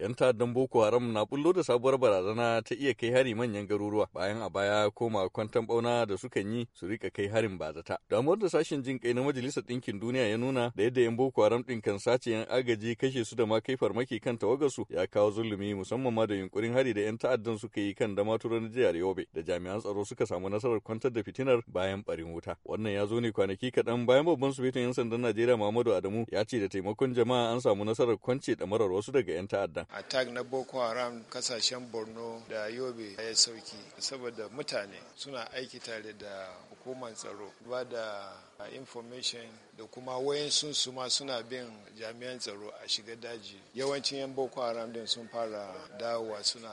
'yan ta'addan boko haram na bullo da sabuwar barazana ta iya kai hari manyan garuruwa bayan a baya koma kwantan bauna da sukan yi su rika kai harin bazata damuwar da sashen jin kai na majalisar ɗinkin duniya ya nuna da yadda 'yan boko haram ɗin kan sace 'yan agaji kashe su da ma kai farmaki kan tawagarsu ya kawo zulumi musamman ma da yunkurin hari da 'yan ta'addan suka yi kan damaturo na jihar yobe da jami'an tsaro suka samu nasarar kwantar da fitinar bayan barin wuta wannan ya zo ne kwanaki kaɗan bayan babban sufetin 'yan sandan najeriya muhammadu adamu ya ce da taimakon jama'a an samu nasarar kwance ɗamarar wasu daga 'yan ta'addan attack na boko haram kasashen borno da yobe ya sauki saboda mutane suna aiki tare da hukumar tsaro ba da information da kuma wayansun su ma suna bin jami'an tsaro a shiga daji yawancin yan boko haram din sun fara dawowa suna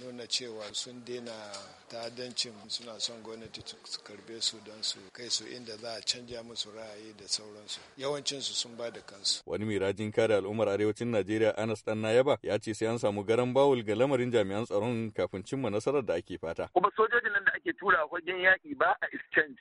nuna cewa sun daina ta'addancin suna son gwamnati su karbe su don su kai su inda za a canja musu ra'ayi da sauransu yawancin su sun ba da kansu wani mai mirajin kare al'ummar arewacin najeriya anas danna yaba ya ce sai an samu garan bawul ga lamarin jami'an tsaron kafin cimma nasarar da ake fata kuma sojojin nan da ake tura fagen yaki ba a exchange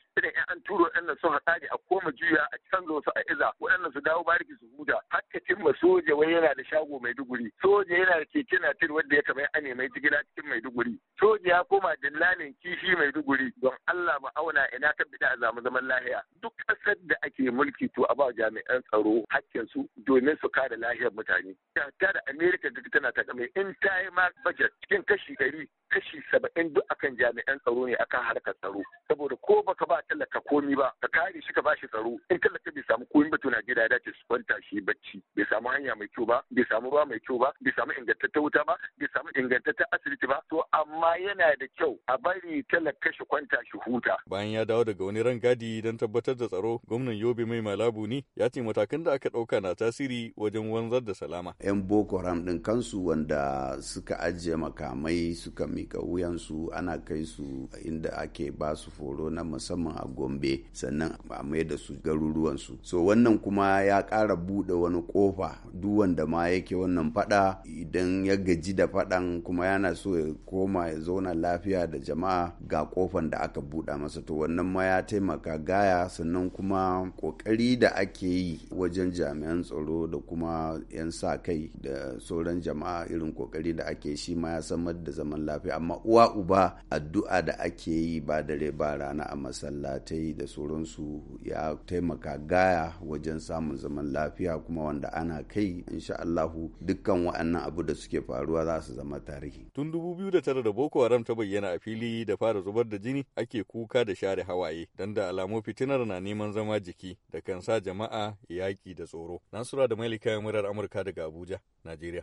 sun haɗa a koma juya a canza wasu a iza waɗannan su dawo bariki su huta har ta cimma soja wai yana da shago mai maiduguri soja yana da keke na tir wanda ya kamar a ne mai jigila cikin maiduguri soja ya koma dillalin kishi mai maiduguri don Allah mu auna ina ka bida a zamu zaman lahiya duk ƙasar da ake mulki to a ba jami'an tsaro hakkin su domin su kare lahiyar mutane ta da Amerika duk tana ta kame in ta yi ma budget cikin kashi ɗari kashi saba'in duk akan jami'an tsaro ne akan harkar tsaro ko baka ba tallaka komi ba ka kare shi ka bashi tsaro in tallaka bai samu komi ba to Najeriya ya dace su kwanta shi bacci bai samu hanya mai kyau ba bai samu ruwa mai kyau ba bai samu ingantaccen wuta ba bai samu ingantaccen asibiti ba to amma yana da kyau a bari talaka shi kwanta shi huta bayan ya dawo daga wani rangadi don tabbatar da tsaro gwamnan Yobe mai malabu ne ya ce matakan da aka ɗauka na tasiri wajen wanzar da salama yan boko haram din kansu wanda suka ajiye makamai suka mika wuyansu ana kai su inda ake ba su foro nan musamman a gombe sannan a mai da su garuruwansu so wannan kuma ya ƙara buɗe wani ƙofa duk wanda ma yake wannan faɗa idan ya gaji da faɗan kuma yana so ya koma ya zauna lafiya da jama'a ga ƙofan da aka buɗa masa to wannan ma ya taimaka gaya sannan kuma ƙoƙari da ake yi wajen jami'an tsaro da kuma 'yan sa kai da sauran jama'a irin ƙoƙari da ake shi ma ya samar da zaman lafiya amma uwa uba addu'a da ake yi ba dare ba rana a masallatai da sauransu ya taimaka gaya wajen samun zaman lafiya kuma wanda ana kai insha Allahu dukkan wa'annan abu da suke faruwa za su zama tarihi. Tun dubu biyu da tara da Boko Haram ta bayyana a fili da fara zubar da jini ake kuka da share hawaye don da alamu fitinar na neman zama jiki da kan sa jama'a yaƙi da tsoro. Nasura da Mailika murar Amurka daga Abuja, Najeriya.